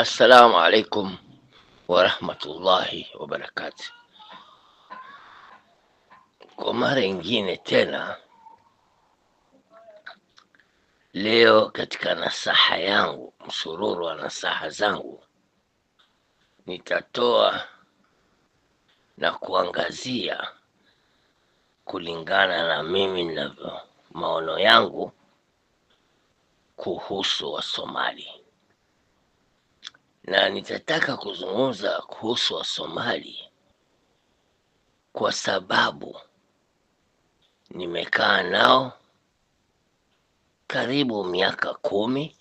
Assalamu alaikum warahmatullahi wabarakatu. Kwa mara ingine tena leo katika nasaha yangu, msururu wa nasaha zangu, nitatoa na kuangazia kulingana na mimi na maono yangu kuhusu Wasomali na nitataka kuzungumza kuhusu Wasomali kwa sababu nimekaa nao karibu miaka kumi,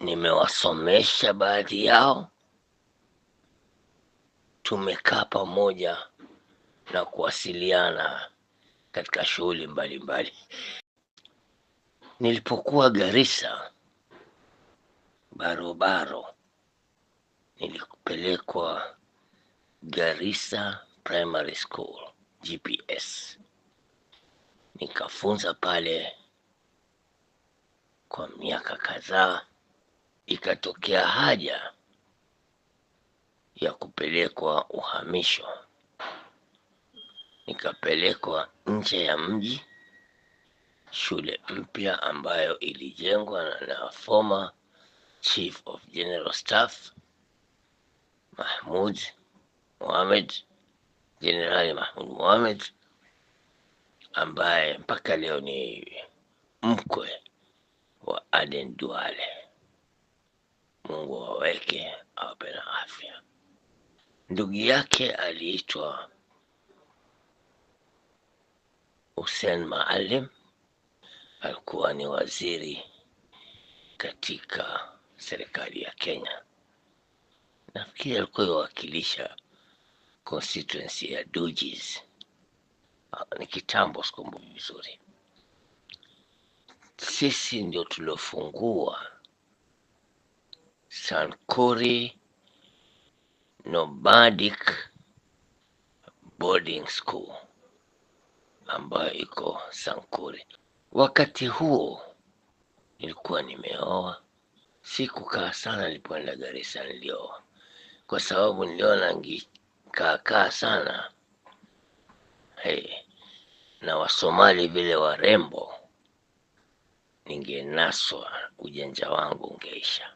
nimewasomesha baadhi yao, tumekaa pamoja na kuwasiliana katika shughuli mbalimbali. Nilipokuwa Garissa barobaro. Nilipelekwa garisa Primary School GPS, nikafunza pale kwa miaka kadhaa. Ikatokea haja ya kupelekwa uhamisho, nikapelekwa nje ya mji, shule mpya ambayo ilijengwa na na foma Chief of General Staff Mahmud Mohamed, Jenerali Mahmud Mohamed ambaye mpaka leo ni mkwe wa Aden Duale. Mungu waweke awape na afya. Ndugu yake aliitwa Hussein Maalim, alikuwa ni waziri katika serikali ya Kenya. Nafikiri alikuwa iwakilisha constituency ya Dojis, ah, ni kitambo, sikumbuki vizuri. Sisi ndio tuliofungua Sankore Nomadic Boarding School ambayo iko Sankore. Wakati huo nilikuwa nimeoa Sikukaa sana nilipoenda garisa nilioa, kwa sababu niliona ngikaakaa sana hey, na Wasomali vile warembo, ningenaswa, ujenja wangu ungeisha.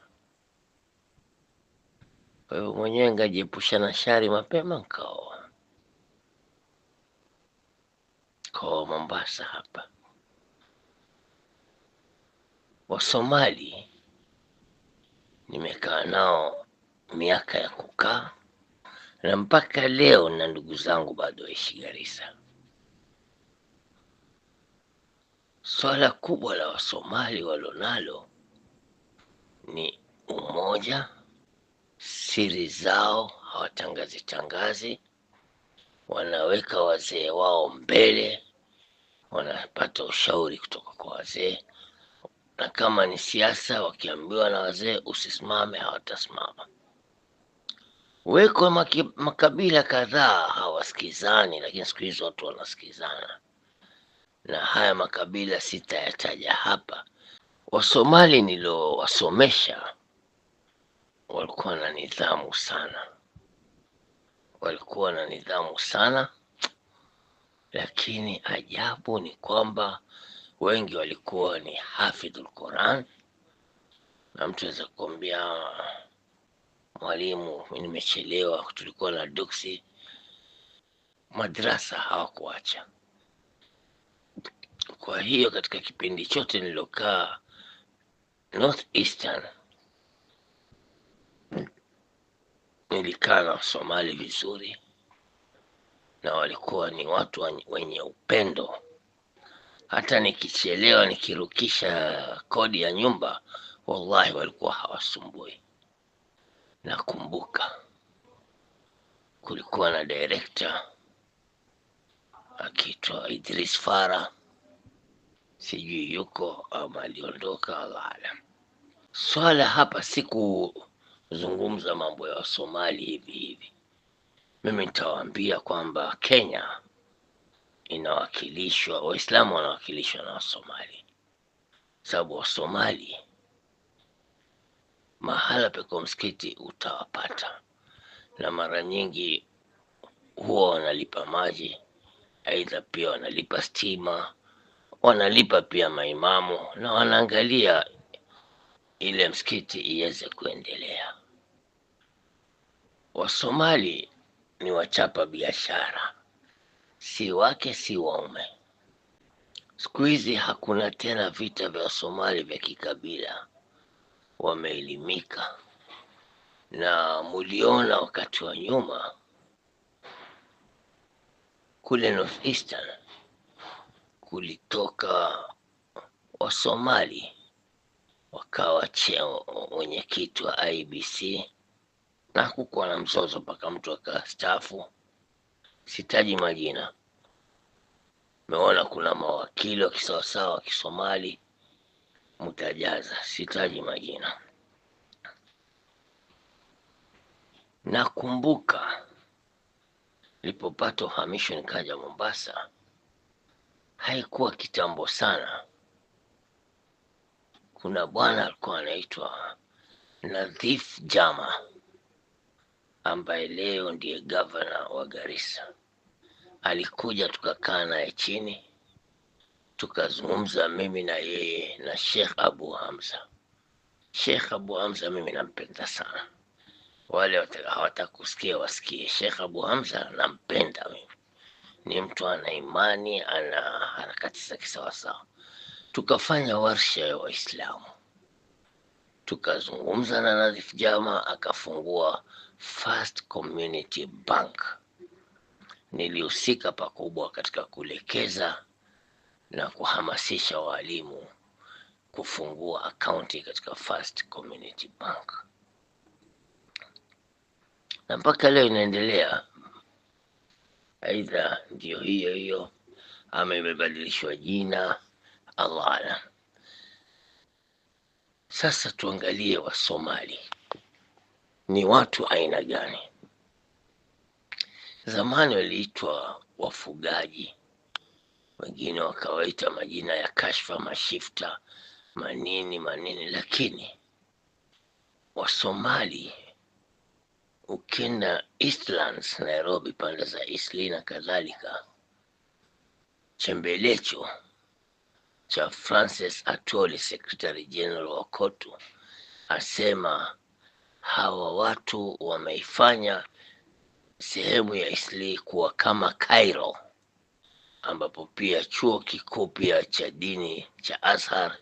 Kwa hiyo mwenyewe ngajiepusha na shari mapema, nkaoa kaoa Mombasa hapa Wasomali nimekaa nao miaka ya kukaa na mpaka leo, na ndugu zangu bado waishi Garissa. Swala kubwa la Wasomali walonalo ni umoja, siri zao hawatangazi tangazi, wanaweka wazee wao mbele, wanapata ushauri kutoka kwa wazee na kama ni siasa, wakiambiwa na wazee usisimame, hawatasimama. Weko makabila kadhaa hawasikizani, lakini siku hizi watu wanasikizana, na haya makabila sitayataja hapa. Wasomali niliowasomesha walikuwa na nidhamu sana, walikuwa na nidhamu sana, lakini ajabu ni kwamba wengi walikuwa ni hafidhul Quran, na mtu aweza kuambia mwalimu, nimechelewa, tulikuwa na duksi. Madrasa hawakuacha. Kwa hiyo katika kipindi chote nilokaa North Eastern nilikaa na Somali vizuri, na walikuwa ni watu wenye upendo hata nikichelewa nikirukisha kodi ya nyumba, wallahi walikuwa hawasumbui. Nakumbuka kulikuwa na direkta akiitwa Idris Fara, sijui yuko ama aliondoka, Allah alam. Swala hapa si kuzungumza mambo ya Wasomali hivi hivi, mimi nitawaambia kwamba Kenya inawakilishwa, Waislamu wanawakilishwa na Wasomali sababu Wasomali mahala pekua msikiti utawapata, na mara nyingi huwa wanalipa maji, aidha pia wanalipa stima, wanalipa pia maimamu na wanaangalia ile msikiti iweze kuendelea. Wasomali ni wachapa biashara si wake si waume. Siku hizi hakuna tena vita vya Somali vya kikabila, wameelimika na muliona wakati wa nyuma kule North Eastern kulitoka Wasomali wakawa cheo mwenyekiti wa IBC na kukuwa na mzozo mpaka mtu akastaafu. Sitaji majina, Umeona kuna mawakili wa kisawasawa wa Kisomali, mtajaza, sitaji majina. Nakumbuka nilipopata uhamisho nikaja Mombasa, haikuwa kitambo sana. Kuna bwana alikuwa anaitwa Nadhif Jama ambaye leo ndiye gavana wa Garissa alikuja tukakaa naye chini tukazungumza mimi na yeye na shekh Abu Hamza. shekh Abu Hamza mimi nampenda sana, wale hawatakusikia wasikie. shekh Abu Hamza nampenda mimi, ni mtu ana imani, ana harakati za kisawasawa. Tukafanya warsha ya Waislamu, tukazungumza na Nadhif Jama, akafungua First Community Bank Nilihusika pakubwa katika kuelekeza na kuhamasisha walimu kufungua akaunti katika First Community Bank na mpaka leo inaendelea. Aidha, ndio hiyo hiyo ama imebadilishwa jina, Allah alam. Sasa tuangalie Wasomali ni watu aina gani? Zamani waliitwa wafugaji, wengine wakawaita majina ya kashfa, mashifta, manini manini. Lakini Wasomali ukienda Eastlands Nairobi, pande za Eastleigh na kadhalika, chembelecho cha Francis Atwoli, Secretary General wa KOTU, asema hawa watu wameifanya sehemu ya Islii kuwa kama Cairo ambapo pia chuo kikuu pia cha dini cha Azhar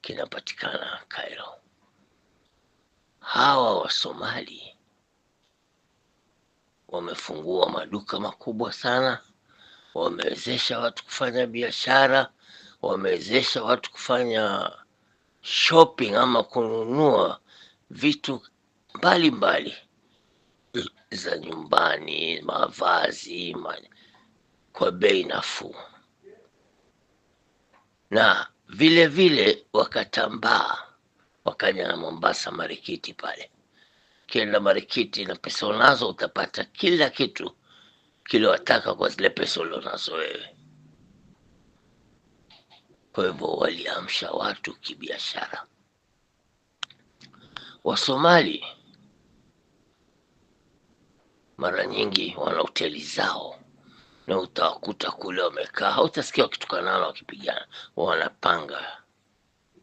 kinapatikana Cairo. Hawa Wasomali wamefungua maduka makubwa sana, wamewezesha watu kufanya biashara, wamewezesha watu kufanya shopping ama kununua vitu mbalimbali mbali za nyumbani, mavazi ma... kwa bei nafuu, na vile vile wakatambaa wakaja na Mombasa marikiti pale. Ukienda marikiti na pesa unazo, utapata kila kitu kile wataka kwa zile pesa ulionazo wewe. Kwa hivyo waliamsha watu kibiashara. Wasomali mara nyingi wana hoteli zao na utawakuta kule wamekaa, hautasikia wakitukanana, wakipigana, wanapanga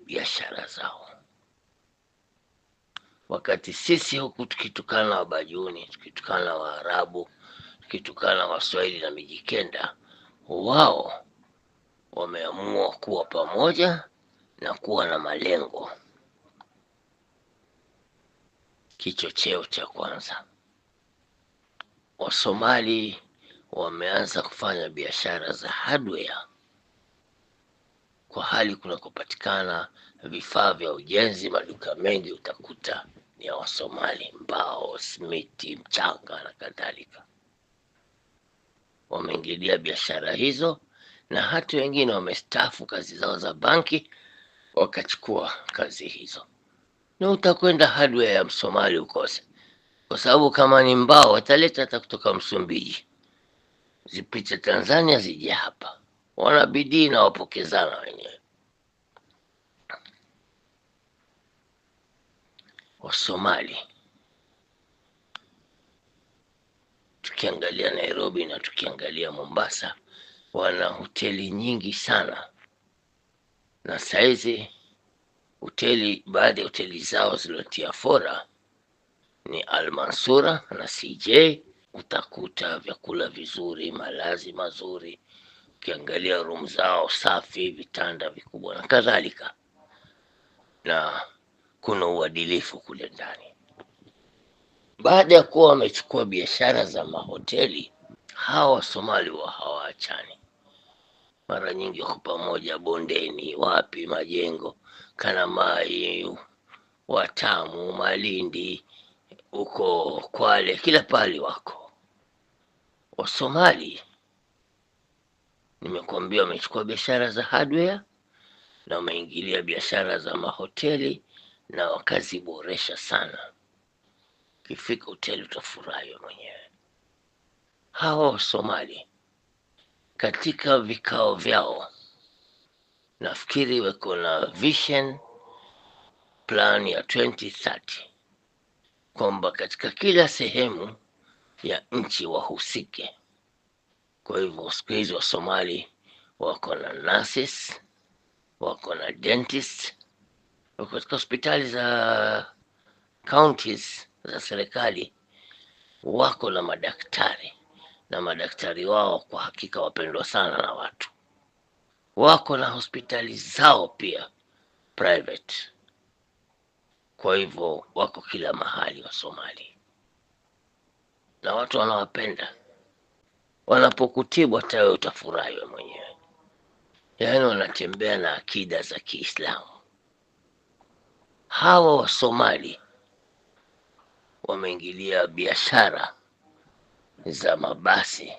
biashara zao, wakati sisi huku tukitukana Wabajuni, tukitukana Waarabu, tukitukana Waswahili na Mijikenda, wao wameamua kuwa pamoja na kuwa na malengo. Kichocheo cha kwanza Wasomali wameanza kufanya biashara za hardware kwa hali kunakopatikana vifaa vya ujenzi. Maduka mengi utakuta ni ya Wasomali, mbao, smiti mchanga na kadhalika. Wameingilia biashara hizo na hata wengine wamestaafu kazi zao za banki wakachukua kazi hizo, na utakwenda hardware ya msomali ukose kwa sababu kama ni mbao wataleta hata kutoka Msumbiji, zipite Tanzania zije hapa. Wana bidii na wapokezana wenyewe. Wasomali tukiangalia Nairobi na tukiangalia Mombasa, wana hoteli nyingi sana, na saizi hoteli, baadhi ya hoteli zao zilotia fora ni Almansura na CJ, utakuta vyakula vizuri, malazi mazuri, ukiangalia room zao safi, vitanda vikubwa na kadhalika, na kuna uadilifu kule ndani. Baada ya kuwa wamechukua biashara za mahoteli, hawa Wasomali wa hawaachani, mara nyingi wako pamoja bondeni, wapi, majengo, Kanamai, Watamu, Malindi huko Kwale, kila pali wako Wasomali. Nimekuambia wamechukua biashara za hardware na wameingilia biashara za mahoteli na wakaziboresha sana. Kifika hoteli utafurahi mwenyewe. Hawa Wasomali katika vikao vyao, nafikiri wako na vision plan ya 2030 kwamba katika kila sehemu ya nchi wahusike. Kwa hivyo siku hizi wa Somali wako na nurses, wako na dentist, wako katika hospitali za counties za serikali, wako na madaktari na madaktari wao kwa hakika wapendwa sana na watu, wako na hospitali zao pia private. Kwa hivyo wako kila mahali wa Somali na watu wanawapenda, wanapokutibu hata wewe utafurahi wewe mwenyewe. Yaani wanatembea na akida za Kiislamu. Hawa wa Somali wameingilia biashara za mabasi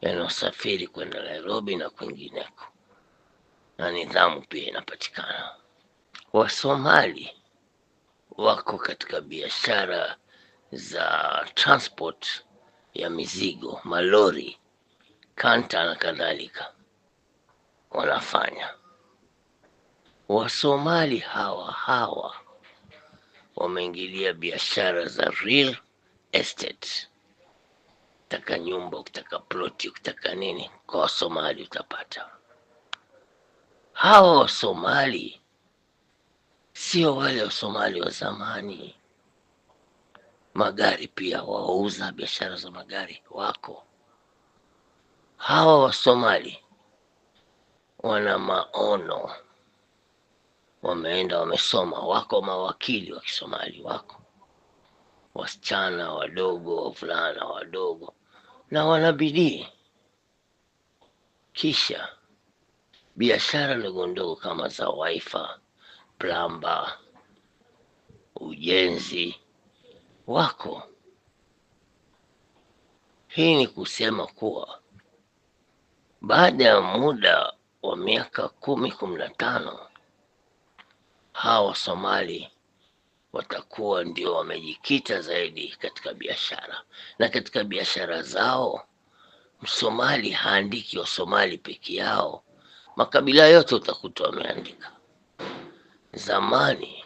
yanayosafiri kwenda Nairobi na kwingineko, na nidhamu pia inapatikana. Wasomali wako katika biashara za transport ya mizigo, malori, kanta na kadhalika, wanafanya Wasomali hawa hawa wameingilia biashara za real estate. Ukitaka nyumba, ukitaka ploti, ukitaka nini, kwa Wasomali utapata. Hawa Wasomali sio wale Wasomali wa zamani. Magari pia wauza, biashara za magari wako. Hawa Wasomali wana maono, wameenda wamesoma, wako mawakili wa Kisomali, wako wasichana wadogo, wavulana wadogo, na wana bidii. Kisha biashara ndogo ndogo kama za waifa plamba, ujenzi wako. Hii ni kusema kuwa baada ya muda wa miaka kumi kumi na tano hawa Somali watakuwa ndio wamejikita zaidi katika biashara, na katika biashara zao Msomali haandiki Wasomali peke yao, makabila yote utakuta wameandika. Zamani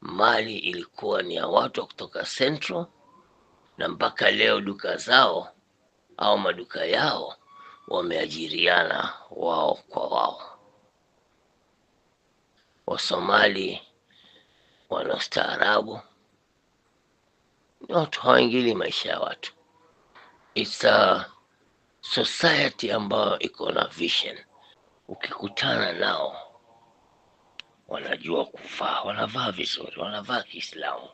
mali ilikuwa ni ya watu wa kutoka Central, na mpaka leo duka zao au maduka yao wameajiriana wao kwa wao. Wasomali wanastaarabu, ni watu hawaingili maisha ya watu. It's a society ambayo iko na vision. Ukikutana nao wanajua kuvaa, wanavaa vizuri, wanavaa Kiislamu.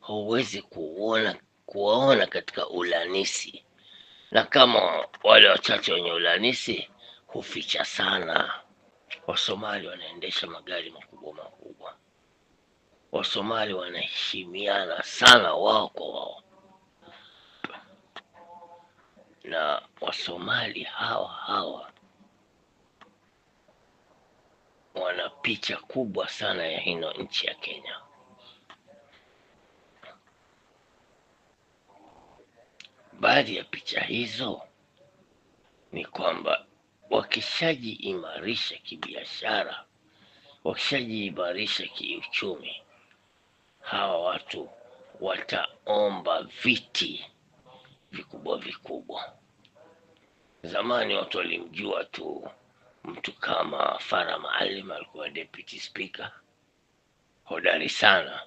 Huwezi kuona kuwaona katika ulanisi, na kama wale wachache wenye ulanisi huficha sana. Wasomali wanaendesha magari makubwa makubwa, Wasomali wanaheshimiana sana wao kwa wao, na Wasomali hawa hawa wana picha kubwa sana ya hino nchi ya Kenya. Baadhi ya picha hizo ni kwamba wakishajiimarisha kibiashara, wakishajiimarisha kiuchumi, hawa watu wataomba viti vikubwa vikubwa. Zamani watu walimjua tu Mtu kama Farah Maalim alikuwa deputy speaker hodari sana,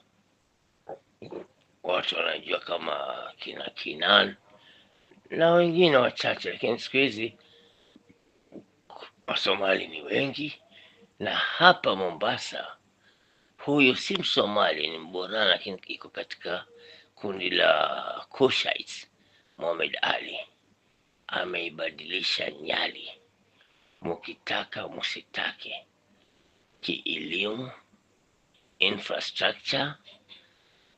watu wanajua kama kina Kinan na wengine wachache, lakini siku hizi Wasomali ni wengi, na hapa Mombasa huyu si Msomali, ni Mborana, lakini iko katika kundi la Kushites. Mohamed Ali ameibadilisha Nyali mukitaka musitake, kielimu, infrastructure,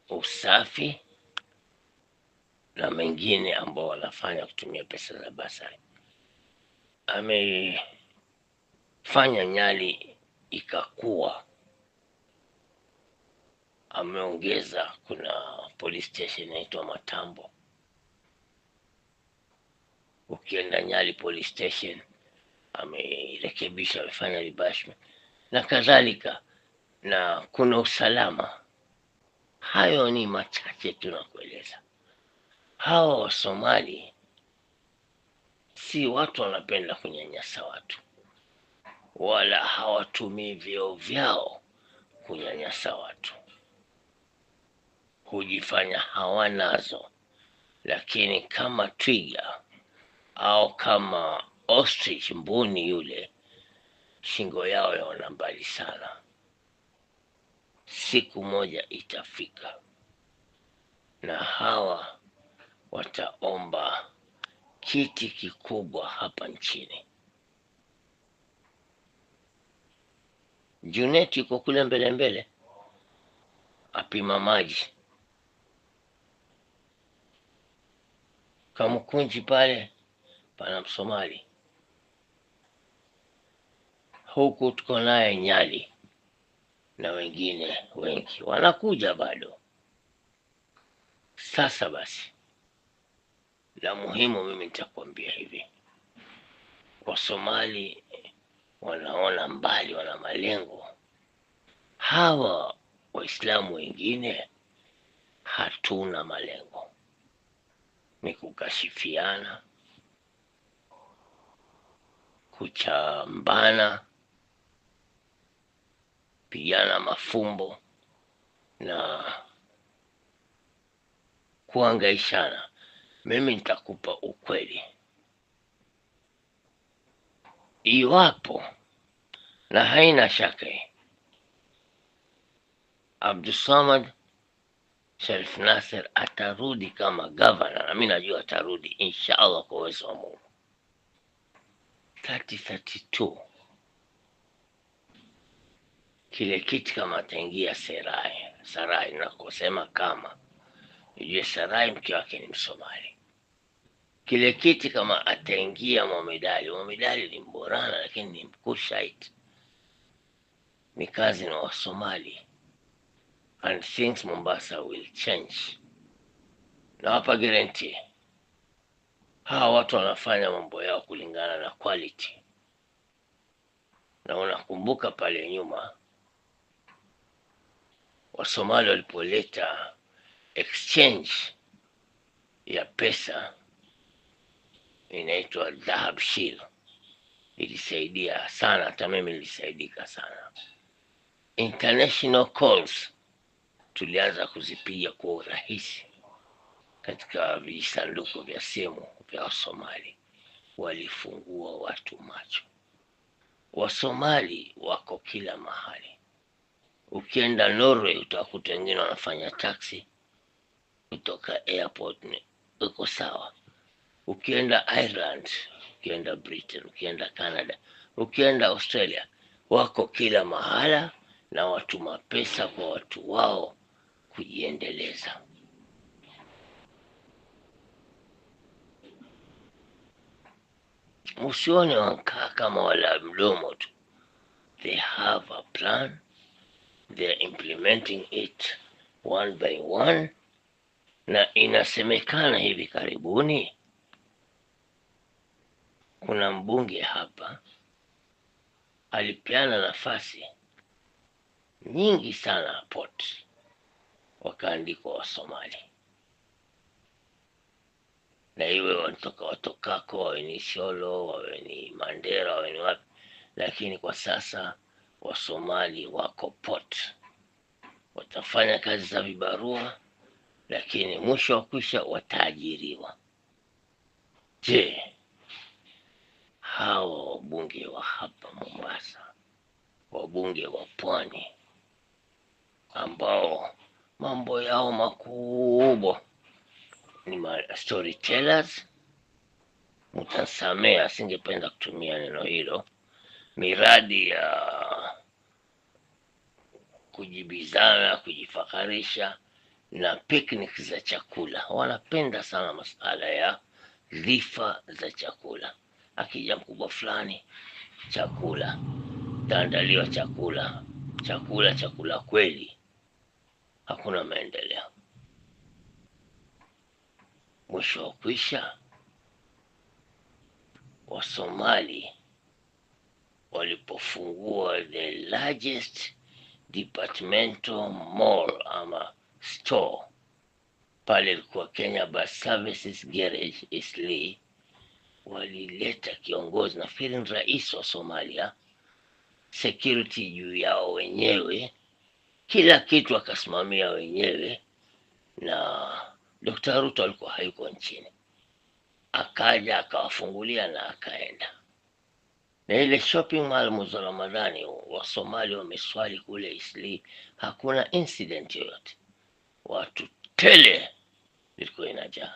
usafi na mengine ambao wanafanya kutumia pesa za basari. Amefanya Nyali ikakua, ameongeza. Kuna police station inaitwa Matambo. Ukienda Nyali police station amerekebisha amefanya ribashment na kadhalika, na kuna usalama. Hayo ni machache tunakueleza. Hawa Wasomali si watu wanapenda kunyanyasa watu, wala hawatumii vyeo vyao kunyanyasa watu, hujifanya hawanazo, lakini kama twiga au kama ostrich mbuni yule, shingo yao yaona mbali sana. Siku moja itafika na hawa wataomba kiti kikubwa hapa nchini. Junet yuko kule mbele mbele, apima maji Kamkunji pale pana Msomali huku tuko naye Nyali na wengine wengi wanakuja bado. Sasa basi, la muhimu mimi nitakwambia hivi, kwa somali wanaona mbali, wana malengo. Hawa Waislamu wengine hatuna malengo, ni kukashifiana, kuchambana pigana mafumbo na kuangaishana Mimi nitakupa ukweli, iwapo na haina shaka Abdusamad Sharif Nasser atarudi kama gavana, na mi najua atarudi insha Allah kwa uwezo wa Mungu. 3032 kile kiti kama ataingia Sarai, Sarai nakosema kama ijue Sarai mke wake ni Msomali. Kile kiti kama ataingia Mwamidali, Mwamidali ni Mborana lakini ni mkushait ni kazi na Wasomali and things Mombasa will change. Na hapa guarantee hawa watu wanafanya mambo yao kulingana na quality, na unakumbuka pale nyuma Wasomali walipoleta exchange ya pesa inaitwa Dhahab Shil ilisaidia sana, hata mimi nilisaidika sana. International calls tulianza kuzipiga kwa urahisi katika visanduku vya simu vya Wasomali, walifungua watu macho. Wasomali wako kila mahali, Ukienda Norway utakuta wengine wanafanya taxi kutoka airport, ni uko sawa. Ukienda Ireland, ukienda Britain, ukienda Canada, ukienda Australia, wako kila mahala na watuma pesa kwa watu wao kujiendeleza. Usione wankaa kama wala mdomo tu, they have a plan they're implementing it one by one, na inasemekana hivi karibuni kuna mbunge hapa alipeana nafasi nyingi sana pot wakaandikwa Wasomali na iwe watoka watokako wawe ni Isiolo wawe ni Mandera wawe ni wapi, lakini kwa sasa Wasomali wako pot, watafanya kazi za vibarua, lakini mwisho wa kwisha wataajiriwa. Je, hawa wabunge wa hapa Mombasa, wabunge wa pwani ambao mambo yao makubwa ni ma storytellers, mtasamea, asingependa kutumia neno hilo, miradi ya kujibizana, kujifaharisha na picnic za chakula. Wanapenda sana masuala ya dhifa za chakula. Akija mkubwa fulani, chakula taandaliwa, chakula chakula chakula, kweli hakuna maendeleo. Mwisho wa kuisha Wasomali walipofungua the largest departmental mall ama store pale kwa Kenya Bus Services Garage Eastleigh. Walileta kiongozi na ni rais wa Somalia, security juu yao wenyewe, kila kitu akasimamia wenyewe, na Dr. Ruto alikuwa hayuko nchini, akaja akawafungulia na akaenda na ile shopping mall mwezi wa Ramadhani Wasomali wameswali kule Isli, hakuna incident yoyote, watu tele ilikuwa inajaa.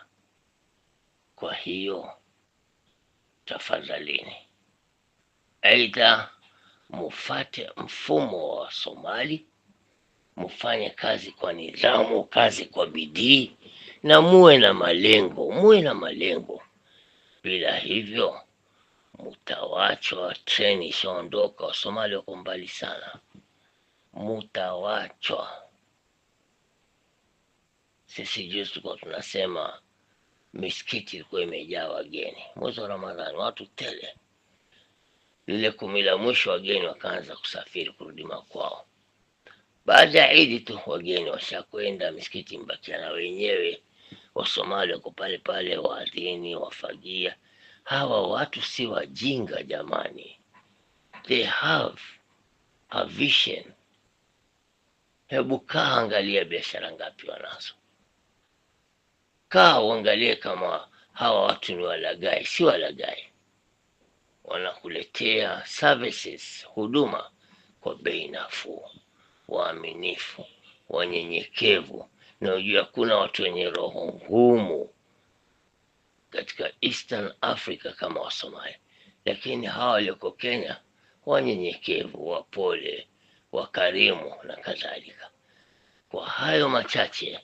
Kwa hiyo tafadhalini, aidha mufate mfumo wa somali mufanye kazi kwa nidhamu, kazi kwa bidii, na muwe na malengo, muwe na malengo. Bila hivyo mutawachwa. Treni ishaondoka, Wasomali wako mbali sana, mutawachwa. Sisi juzi tulikuwa tunasema misikiti ilikuwa imejaa wageni mwezi wa Ramadhani, watu tele. Lile kumi la mwisho wageni wakaanza kusafiri kurudi makwao. Baada ya Idi tu wageni washakwenda, misikiti mbakia na wenyewe. Wasomali wako pale pale, waadhini, wafagia Hawa watu si wajinga jamani, they have a vision. Hebu kaa angalia biashara ngapi wanazo, kaa uangalie kama hawa watu ni walagai. Si walagai, wanakuletea services, huduma kwa bei nafuu, waaminifu, wanyenyekevu. Na ujua kuna watu wenye roho ngumu katika Eastern Africa kama wasomali lakini hawa walioko Kenya wanyenyekevu, wapole, wakarimu na kadhalika. Kwa hayo machache,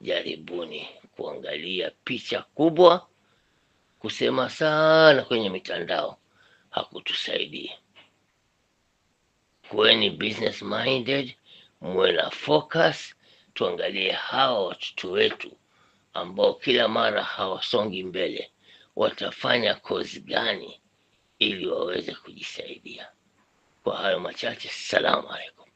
jaribuni kuangalia picha kubwa. Kusema sana kwenye mitandao hakutusaidii. Kuweni business minded, muwe na focus, tuangalie hawa watoto wetu ambao kila mara hawasongi mbele, watafanya kozi gani ili waweze kujisaidia? Kwa hayo machache, salamu alaikum.